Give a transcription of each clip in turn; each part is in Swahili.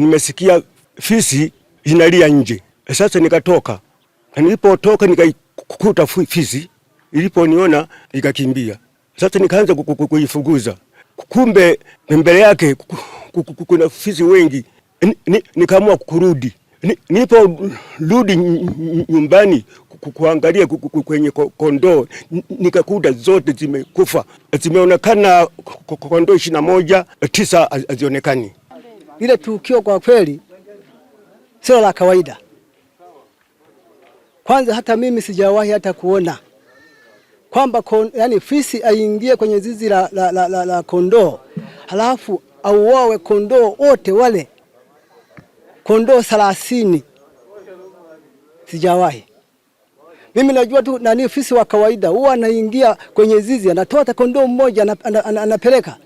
nimesikia fisi inalia nje. E, sasa nikatoka, nilipotoka nikaikuta fisi, iliponiona ikakimbia. Sasa nikaanza kuifuguza, kumbe mbele yake kuna fisi wengi. Nikaamua kurudi. Nipo rudi nyumbani kuangalia kwenye kondoo, nikakuta zote zimekufa. Zimeonekana kondoo ishirini na moja, tisa hazionekani lile tukio kwa kweli sio la kawaida. Kwanza hata mimi sijawahi hata kuona kwamba kon, yani fisi aingie kwenye zizi la, la, la, la, la kondoo halafu auawe kondoo wote wale kondoo thelathini. Sijawahi mimi, najua tu nani fisi wa kawaida huwa anaingia kwenye zizi anatoa hata kondoo mmoja anapeleka.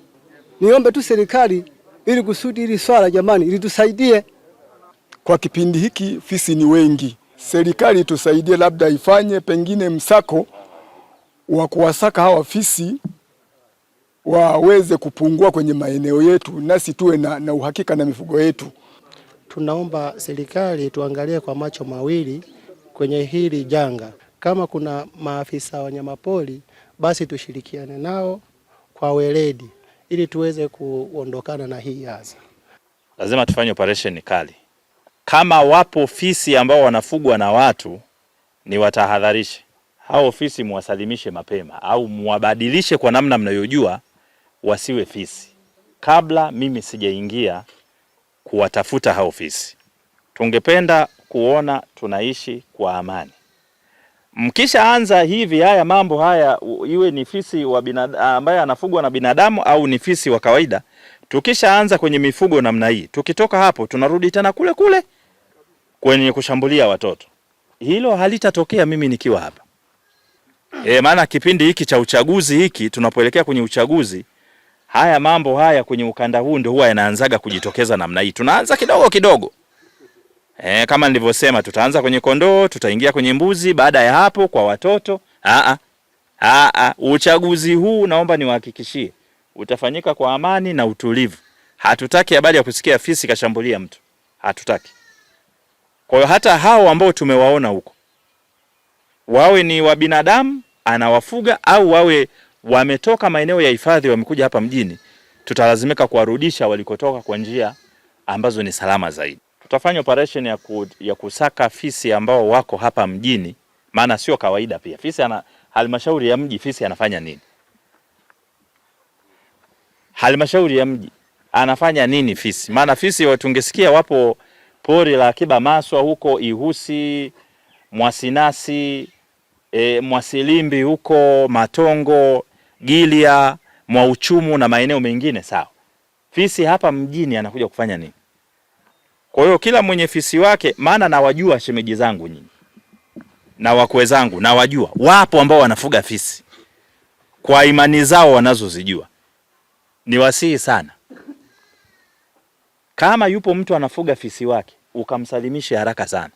Niombe tu serikali ili kusudi hili swala jamani, litusaidie kwa kipindi hiki, fisi ni wengi. Serikali tusaidie labda ifanye pengine msako wa kuwasaka hawa fisi waweze kupungua kwenye maeneo yetu, nasi tuwe na, na uhakika na mifugo yetu. Tunaomba serikali tuangalie kwa macho mawili kwenye hili janga. Kama kuna maafisa wanyamapori, basi tushirikiane nao kwa weledi ili tuweze kuondokana na hii hasa. Lazima tufanye operesheni kali. Kama wapo fisi ambao wanafugwa na watu, ni watahadharishe hao fisi, muwasalimishe mapema au muwabadilishe kwa namna mnayojua wasiwe fisi, kabla mimi sijaingia kuwatafuta hao fisi. Tungependa kuona tunaishi kwa amani. Mkishaanza hivi haya mambo haya, iwe ni fisi wa ambaye anafugwa na binadamu au ni fisi wa kawaida, tukishaanza kwenye mifugo namna hii, tukitoka hapo tunarudi tena kule kule kwenye kushambulia watoto. Hilo halitatokea mimi nikiwa hapa e, maana kipindi hiki cha uchaguzi hiki, tunapoelekea kwenye uchaguzi, haya mambo haya kwenye ukanda huu ndio huwa yanaanzaga kujitokeza namna hii, tunaanza kidogo kidogo. E, kama nilivyosema tutaanza kwenye kondoo, tutaingia kwenye mbuzi, baada ya hapo kwa watoto. Aa, aa, uchaguzi huu naomba niwahakikishie utafanyika kwa amani na utulivu. Hatutaki habari ya kusikia fisi kashambulia mtu, hatutaki. Kwa hiyo hata hao ambao tumewaona huko, wawe ni wa binadamu anawafuga au wawe wametoka maeneo ya hifadhi wamekuja hapa mjini, tutalazimika kuwarudisha walikotoka kwa njia ambazo ni salama zaidi tutafanya operation ya, ku, ya kusaka fisi ambao wako hapa mjini, maana sio kawaida pia fisi ana halmashauri ya mji, fisi anafanya nini? Halmashauri ya mji anafanya nini fisi? Maana fisi tungesikia wapo pori la akiba Maswa huko Ihusi, Mwasinasi, e, Mwasilimbi huko Matongo, Gilia, Mwauchumu na maeneo mengine sawa. Fisi hapa mjini anakuja kufanya nini? Kwa hiyo kila mwenye fisi wake, maana nawajua shemeji zangu nyinyi na wakwe zangu, nawajua wapo ambao wanafuga fisi kwa imani zao wanazozijua. Niwasihi sana, kama yupo mtu anafuga fisi wake, ukamsalimishe haraka sana,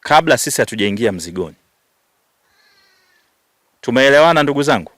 kabla sisi hatujaingia mzigoni. Tumeelewana ndugu zangu?